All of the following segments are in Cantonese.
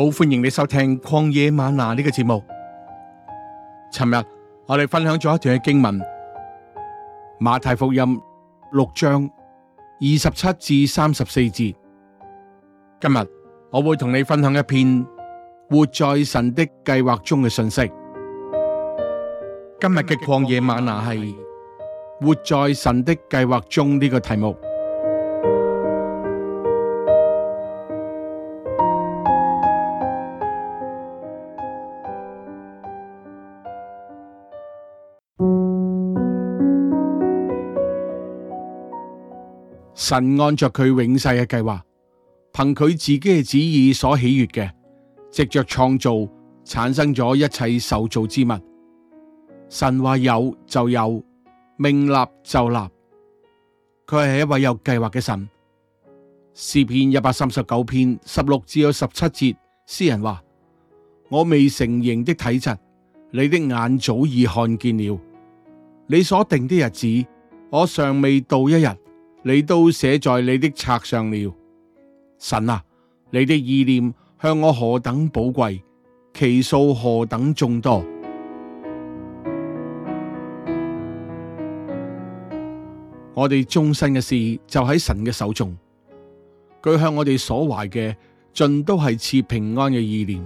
好歡迎你收聽曠野嗎哪呢個節目。尋日我哋分享咗一段嘅經文，馬太福音六章二十七至三十四節。今日我會同你分享一篇活在神的計劃中嘅信息。今日嘅曠野嗎哪係《活在神的計劃中呢個題目。神按着佢永世嘅計劃，憑佢自己嘅旨意所喜悦嘅，藉着創造產生咗一切受造之物。神話有就有，命立就立，佢係一位有計劃嘅神。詩篇一百三十九篇十六至有十七節，詩人話：我未成形的體質，你的眼早已看見了；你所定的日子，我尚未到一日。你都寫在你的冊上了，神啊，你的意念向我何等寶貴，其數何等眾多。我哋終身嘅事就喺神嘅手中，佢向我哋所懷嘅盡都係賜平安嘅意念。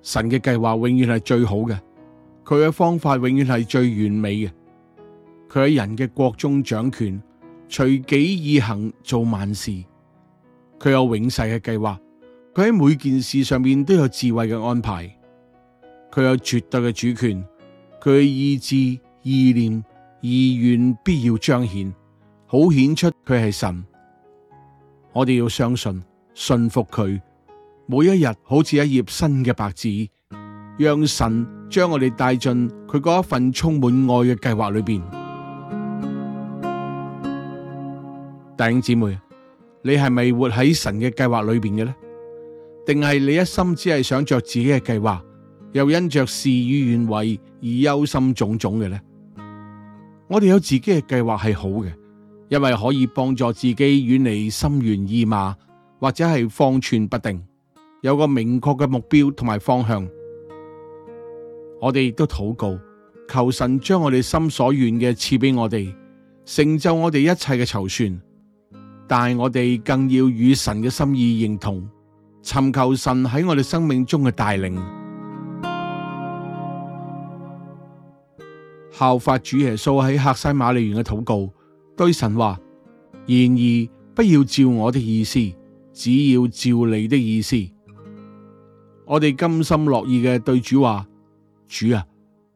神嘅計劃永遠係最好嘅，佢嘅方法永遠係最完美嘅，佢喺人嘅國中掌權。隨己而行做萬事，佢有永世嘅計劃，佢喺每件事上面都有智慧嘅安排，佢有絕對嘅主權，佢嘅意志、意念、意願必要彰顯，好顯出佢係神。我哋要相信、信服佢，每一日好似一頁新嘅白紙，讓神將我哋帶進佢嗰一份充滿愛嘅計劃裏邊。弟兄姊妹，你係咪活喺神嘅計劃裏邊嘅呢？定係你一心只係想着自己嘅計劃，又因着事與願違而憂心忡忡嘅呢？我哋有自己嘅計劃係好嘅，因為可以幫助自己遠離心猿意馬或者係方寸不定，有個明確嘅目標同埋方向。我哋亦都禱告，求神將我哋心所願嘅賜俾我哋，成就我哋一切嘅籌算。但係我哋更要與神嘅心意認同，尋求神喺我哋生命中嘅帶領。效 法主耶穌喺客西馬利園嘅禱告，對神話：然而不要照我的意思，只要照你的意思。我哋甘心樂意嘅對主話：主啊，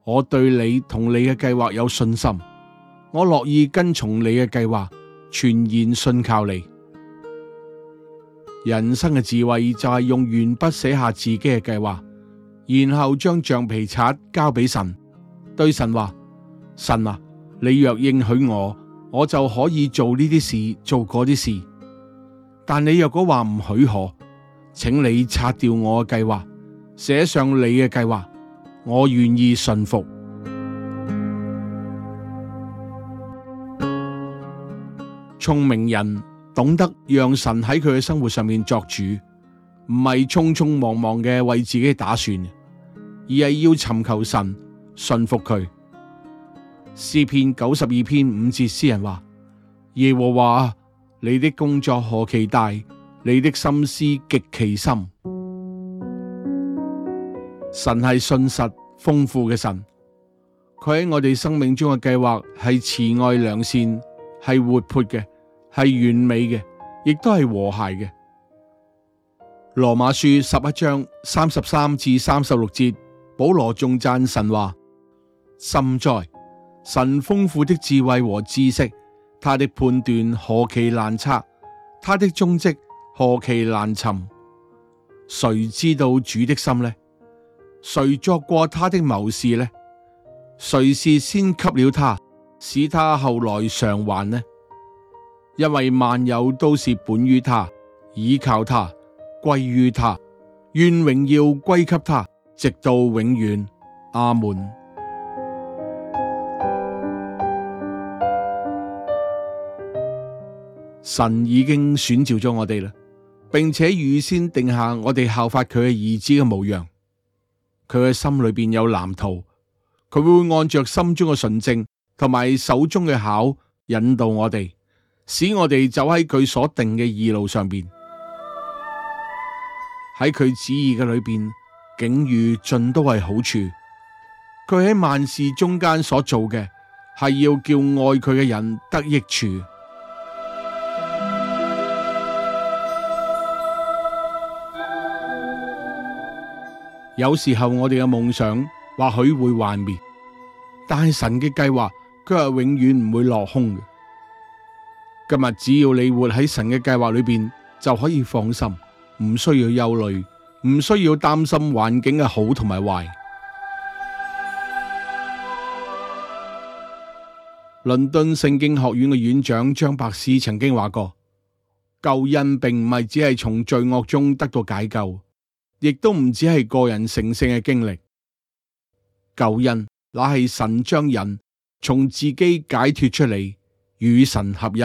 我對你同你嘅計劃有信心，我樂意跟從你嘅計劃。全然信靠你，人生嘅智慧就係用鉛筆寫下自己嘅計劃，然後將橡皮擦交俾神，對神話：神啊，你若應許我，我就可以做呢啲事，做嗰啲事；但你若果話唔許可，請你擦掉我嘅計劃，寫上你嘅計劃，我願意信服。聰明人懂得讓神喺佢嘅生活上面作主，唔係匆匆忙忙嘅為自己打算，而係要尋求神，信服佢。詩篇九十二篇五節詩人話：耶和華，你的工作何其大，你的心思極其深。神係信實豐富嘅神，佢喺我哋生命中嘅計劃係慈愛良善。係活潑嘅，係完美嘅，亦都係和諧嘅。羅馬書十一章三十三至三十六節，保羅仲讚神話，深哉，神豐富的智慧和知識，他的判斷何其難測，他的蹤跡何其難尋，誰知道主的心呢？誰作過他的謀士呢？誰是先給了他？使他後來償還呢？因為萬有都是本於他，倚靠他，歸於他，願榮耀歸給他，直到永遠。阿門。 神已經選召咗我哋啦，並且預先定下我哋效法佢嘅兒子嘅模樣。佢嘅心裏邊有藍圖，佢會按着心中嘅純正。同埋手中嘅考引導我哋，使我哋走喺佢所定嘅義路上邊。喺佢旨意嘅裏邊，境遇盡都係好處。佢喺萬事中間所做嘅，係要叫愛佢嘅人得益處。 有時候我哋嘅夢想或許會幻滅，但係神嘅計劃。佢係永遠唔會落空嘅。今日只要你活喺神嘅計劃裏邊，就可以放心，唔需要憂慮，唔需要擔心環境嘅好同埋壞。倫敦聖經學院嘅院長張柏詩曾經話過：救恩並唔係只係從罪惡中得到解救，亦都唔只係個人成聖嘅經歷。救恩，乃係神將人。從自己解脱出嚟，與神合一。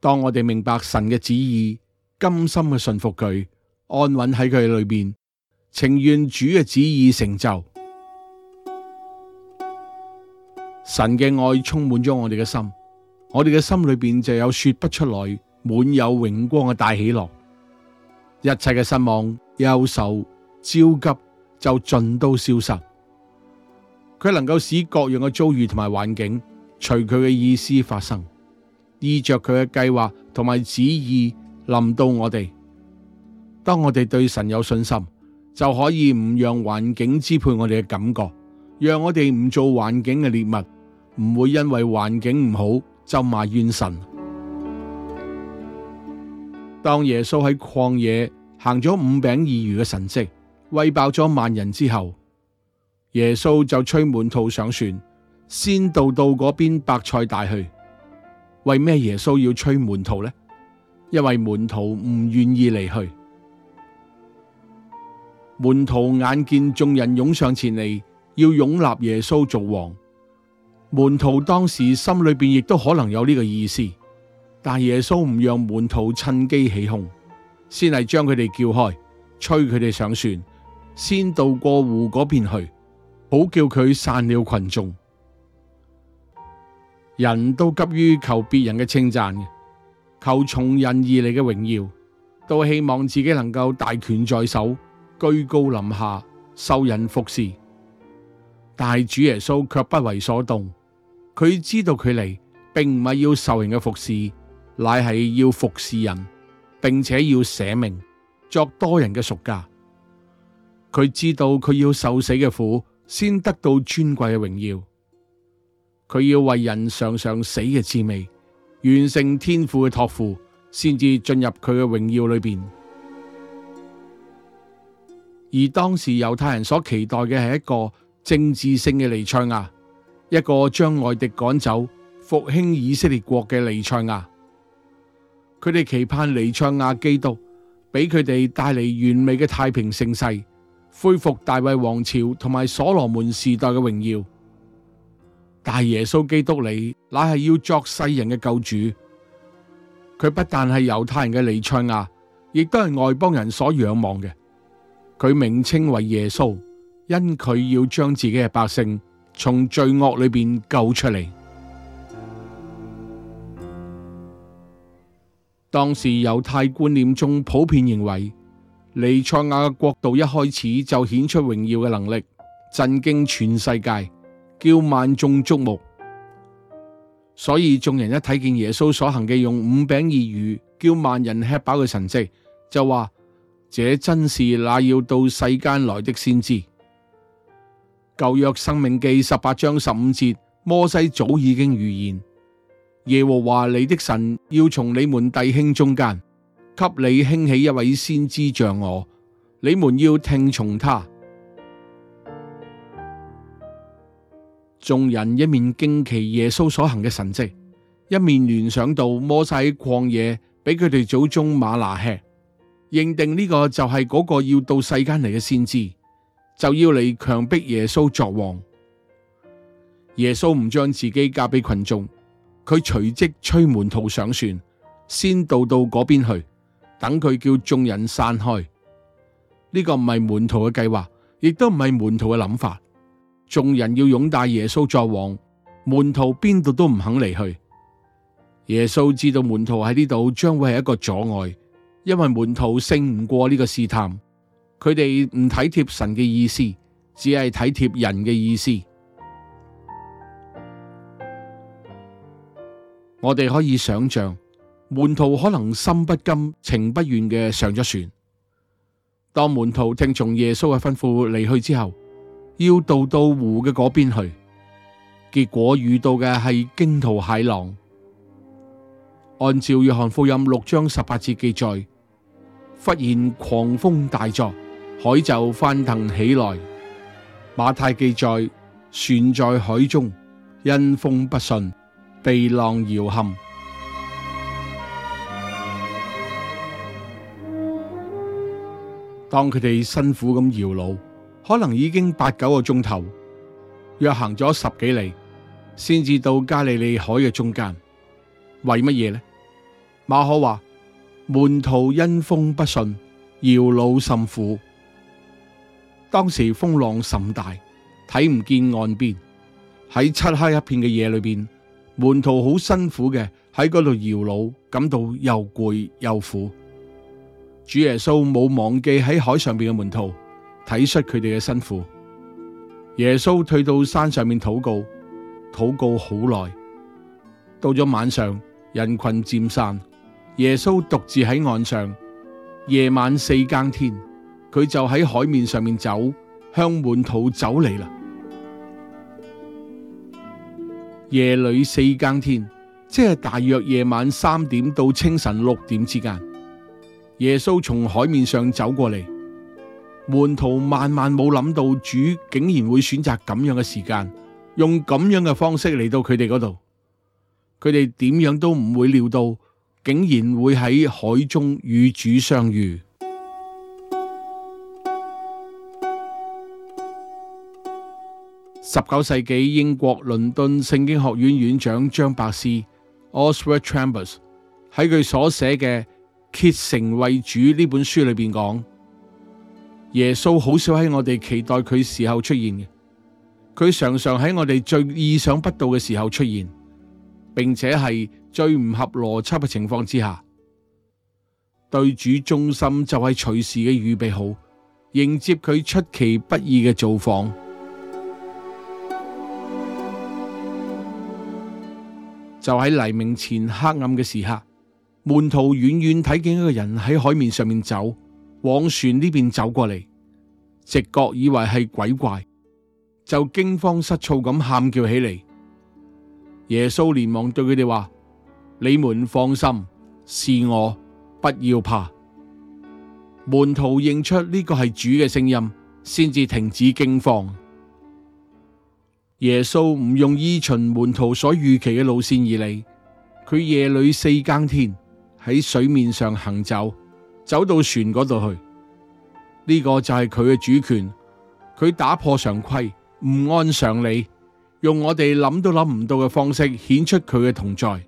當我哋明白神嘅旨意，甘心去順服佢，安穩喺佢裏邊，情願主嘅旨意成就。神嘅愛充滿咗我哋嘅心，我哋嘅心裏邊就有說不出來、滿有榮光嘅大喜樂。一切嘅失望、憂愁、焦急就盡都消失。佢能夠使各樣嘅遭遇同埋環境隨佢嘅意思發生，依着佢嘅計劃同埋旨意臨到我哋。當我哋對神有信心，就可以唔讓環境支配我哋嘅感覺，讓我哋唔做環境嘅獵物，唔會因為環境唔好就埋怨神。當耶穌喺曠野行咗五餅二魚嘅神蹟，喂飽咗萬人之後。耶穌就催門徒上船，先渡到嗰邊伯賽大去。為咩耶穌要催門徒呢？因為門徒唔願意離去。門徒眼見眾人湧上前嚟，要擁立耶穌做王。門徒當時心裏邊亦都可能有呢個意思，但耶穌唔讓門徒趁機起鬨，先係將佢哋叫開，催佢哋上船，先渡過湖嗰邊去。好叫佢散了群眾。人都急於求別人嘅稱讚，求從人而嚟嘅榮耀，都希望自己能夠大權在手，居高臨下受人服侍。但係主耶穌卻不為所動，佢知道佢嚟並唔係要受人嘅服侍，乃係要服侍人，並且要捨命作多人嘅贖價。佢知道佢要受死嘅苦，先得到尊貴嘅榮耀，佢要為人嘗嘗死嘅滋味，完成天父嘅託付，先至進入佢嘅榮耀裏邊。而當時猶太人所期待嘅係一個政治性嘅彌賽亞，一個將外敵趕走、復興以色列國嘅彌賽亞。佢哋期盼彌賽亞基督俾佢哋帶嚟完美嘅太平盛世。恢復大衛王朝同埋所羅門時代嘅榮耀，大耶穌基督里乃係要作世人嘅救主，佢不但係猶太人嘅彌賽亞，亦都係外邦人所仰望嘅。佢名稱為耶穌，因佢要將自己嘅百姓從罪惡裏邊救出嚟。當時猶太觀念中普遍認為。尼賽亞嘅國度一開始就顯出榮耀嘅能力，震驚全世界，叫萬眾矚目。所以眾人一睇見耶穌所行嘅用五餅二魚，叫萬人吃飽嘅神蹟，就話：「這真是那要到世間來的先知。」舊約申命記十八章十五節，摩西早已經預言：「耶和華你的神要從你們弟兄中間。給你興起一位先知像我，你們要聽從他。眾人一面驚奇耶穌所行嘅神蹟，一面聯想到摩西喺曠野俾佢哋祖宗嗎哪食，認定呢個就係嗰個要到世間嚟嘅先知，就要你強迫耶穌作王。耶穌唔將自己交俾群眾，佢隨即催門徒上船，先到到嗰邊去。等佢叫眾人散開，呢個唔係門徒嘅計劃，亦都唔係門徒嘅諗法。眾人要擁戴耶穌作王，門徒邊度都唔肯離去。耶穌知道門徒喺呢度將會係一個阻礙，因為門徒勝唔過呢個試探，佢哋唔體貼神嘅意思，只係體貼人嘅意思。我哋可以想象。門徒可能心不甘情不願嘅上咗船。當門徒聽從耶穌嘅吩咐離去之後，要渡到，到湖嘅嗰邊去，結果遇到嘅係驚濤駭浪。按照約翰福音六章十八節記載，忽然狂風大作，海就翻騰起來。馬太記載，船在海中因風不順，被浪搖撼。當佢哋辛苦咁搖櫓，可能已經八九個鐘頭，約行咗十幾里，先至到加利利海嘅中間。為乜嘢呢？馬可話：門徒因風不順，搖櫓甚苦。當時風浪甚大，睇唔見岸邊。喺漆黑一片嘅夜裏邊，門徒好辛苦嘅喺嗰度搖櫓，感到又攰又苦。主耶穌冇忘記喺海上邊嘅門徒，體恤佢哋嘅辛苦。耶穌退到山上面禱告，禱告好耐。到咗晚上，人群漸散，耶穌獨自喺岸上。夜晚四更天，佢就喺海面上面走，向門徒走嚟啦。夜裏四更天，即係大約夜晚三點到清晨六點之間。耶穌從海面上走過嚟，門徒萬萬冇諗到主竟然會選擇咁樣嘅時間，用咁樣嘅方式嚟到佢哋嗰度。佢哋點樣都唔會料到，竟然會喺海中與主相遇。十九世紀英國倫敦聖經學院院長張伯斯 （Oswald Chambers） 喺佢所寫嘅。《竭誠為主》呢本書裏邊講，耶穌好少喺我哋期待佢時候出現嘅，佢常常喺我哋最意想不到嘅時候出現，並且係最唔合邏輯嘅情況之下，對主忠心就係隨時嘅預備好，迎接佢出其不意嘅造訪，就喺黎明前黑暗嘅時刻。門徒遠遠睇見一個人喺海面上面走，往船呢邊走過嚟，直覺以為係鬼怪，就驚慌失措咁喊叫起嚟。耶穌連忙對佢哋話：「你們放心，是我，不要怕。」門徒認出呢個係主嘅聲音，先至停止驚慌。耶穌唔用依循門徒所預期嘅路線而嚟，佢夜裏四更天。喺水面上行走，走到船嗰度去，呢個就係佢嘅主權。佢打破常規，唔按常理，用我哋諗都諗唔到嘅方式顯出佢嘅同在。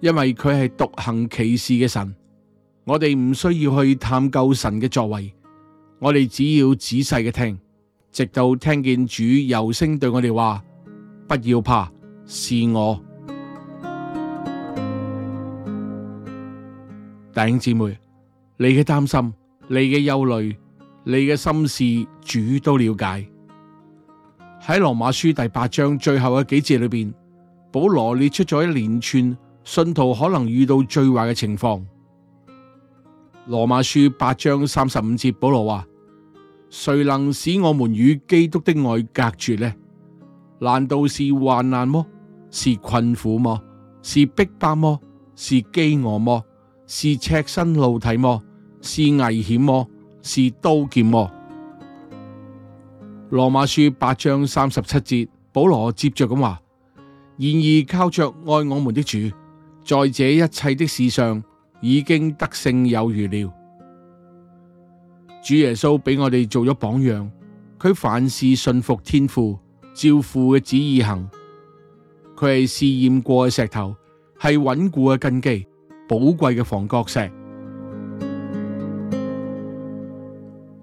因為佢係獨行其事嘅神，我哋唔需要去探究神嘅作為，我哋只要仔細嘅聽，直到聽見主有聲對我哋話：不要怕，是我。弟兄姊妹，你嘅擔心，你嘅憂慮，你嘅心事，主都了解。喺羅馬書第八章最後嘅幾節裏邊，保羅列出咗一連串信徒可能遇到最壞嘅情況。羅馬書八章三十五節，保羅話：誰能使我們與基督的愛隔絕呢？難道是患難麼？是困苦麼？是逼迫麼？是飢餓麼？是赤身露體麼？是危險麼？是刀劍麼？羅馬書八章三十七節，保羅接着咁話：然而靠着愛我們的主，在這一切的事上，已經得勝有餘了。主耶穌俾我哋做咗榜樣，佢凡事信服天父，照父嘅旨意行。佢係試驗過嘅石頭，係穩固嘅根基。寶貴嘅房角石，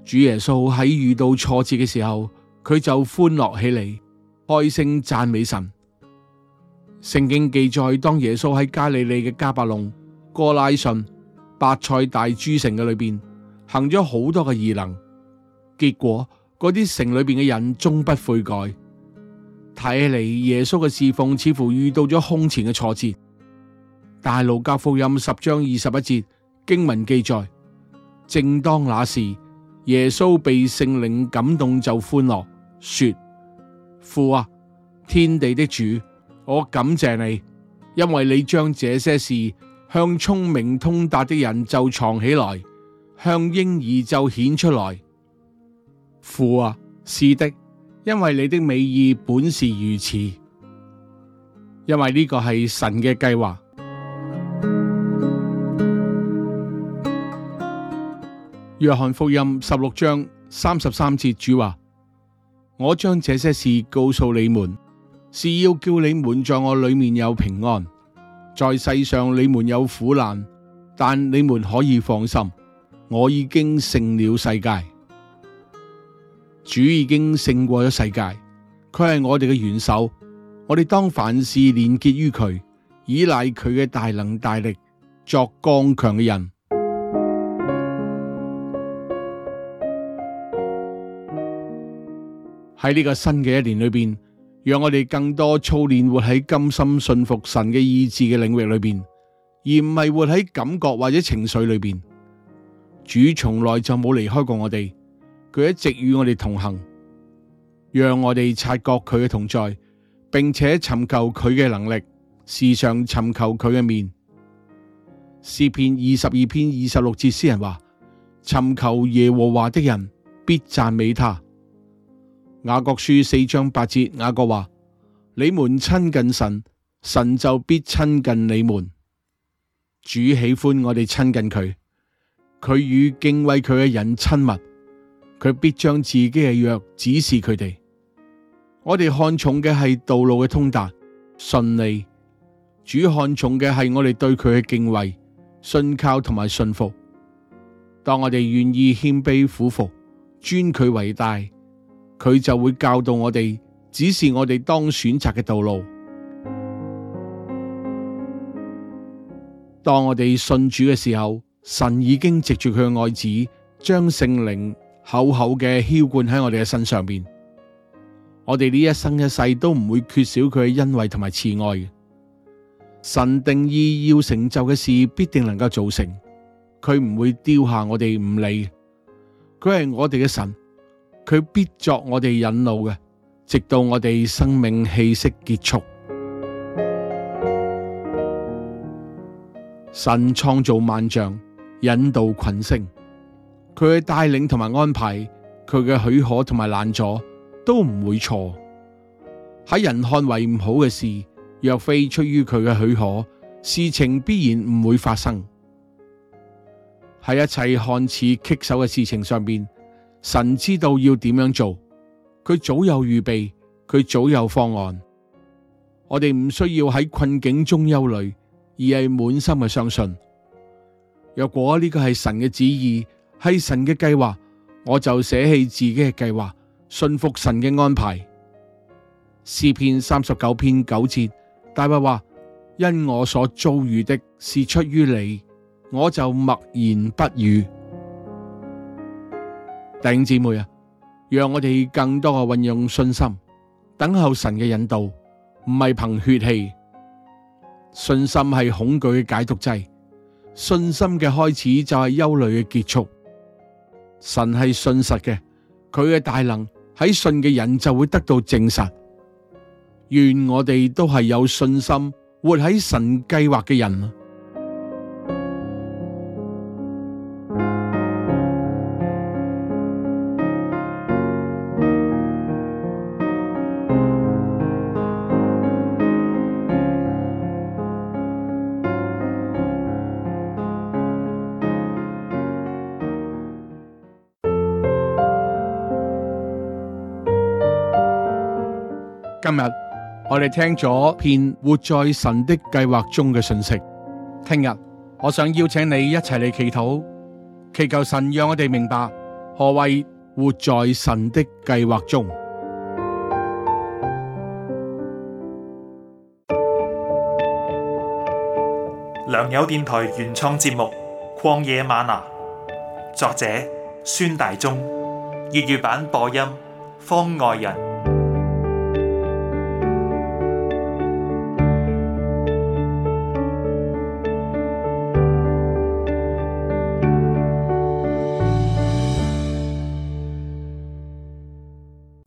主耶穌喺遇到挫折嘅時候，佢就歡樂起嚟，開聲讚美神。聖經記載，當耶穌喺加利利嘅迦百農、哥拉汛、伯賽大諸城嘅裏邊行咗好多嘅異能，結果嗰啲城裏邊嘅人終不悔改。睇起嚟耶穌嘅侍奉似乎遇到咗空前嘅挫折。大路加福音十章二十一節經文記載：正當那時，耶穌被聖靈感動就歡樂，說：父啊，天地的主，我感謝你，因為你將這些事向聰明通達的人就藏起來，向嬰兒就顯出來。父啊，是的，因為你的美意本是如此，因為呢個係神嘅計劃。約翰福音十六章三十三節，主話：我將這些事告訴你們，是要叫你們在我裏面有平安。在世上你們有苦難，但你們可以放心，我已經勝了世界。主已經勝過咗世界，佢係我哋嘅元首，我哋當凡事連結於佢，倚賴佢嘅大能大力，作剛強嘅人。喺呢個新嘅一年裏邊，讓我哋更多操練活喺甘心信服神嘅意志嘅領域裏邊，而唔係活喺感覺或者情緒裏邊。主從來就冇離開過我哋，佢一直與我哋同行。讓我哋察覺佢嘅同在，並且尋求佢嘅能力，時常尋求佢嘅面。詩篇二十二篇二十六節詩人話：尋求耶和華的人必讚美他。雅各書四章八節，雅各話：你們親近神，神就必親近你們。主喜歡我哋親近佢，佢與敬畏佢嘅人親密，佢必將自己嘅約指示佢哋。我哋看重嘅係道路嘅通達順利，主看重嘅係我哋對佢嘅敬畏、信靠同埋信服。當我哋願意謙卑俯伏，尊佢為大。佢就會教導我哋，指示我哋當選擇嘅道路。當我哋信主嘅時候，神已經藉住佢嘅愛子，將聖靈厚厚嘅澆灌喺我哋嘅身上邊。我哋呢一生一世都唔會缺少佢嘅恩惠同埋慈愛嘅。神定義要成就嘅事，必定能夠做成。佢唔會丟下我哋唔理，佢係我哋嘅神。佢必作我哋引路嘅，直到我哋生命氣息結束。神創造萬象，引導群星，佢嘅帶領同埋安排，佢嘅許可同埋攔阻都唔會錯。喺人看為唔好嘅事，若非出於佢嘅許可，事情必然唔會發生。喺一切看似棘手嘅事情上邊，神知道要點樣做，佢早有預備，佢早有方案。我哋唔需要喺困境中憂慮，而係滿心嘅相信。若果呢個係神嘅旨意，係神嘅計劃，我就捨棄自己嘅計劃，信服神嘅安排。詩篇三十九篇九節，大衛話：因我所遭遇的是出於你，我就默然不語。弟兄姊妹啊，讓我哋更多嘅運用信心，等候神嘅引導，唔係憑血氣。信心係恐懼嘅解毒劑，信心嘅開始就係憂慮嘅結束。神係信實嘅，佢嘅大能喺信嘅人就會得到證實。願我哋都係有信心活喺神計劃嘅人啊！我哋聽咗篇活在神的計劃中嘅信息，聽日我想邀請你一齊嚟祈禱，祈求神讓我哋明白何謂活在神的計劃中。良友電台原創節目《曠野嗎哪》，作者孫大中，粵語版播音方外人。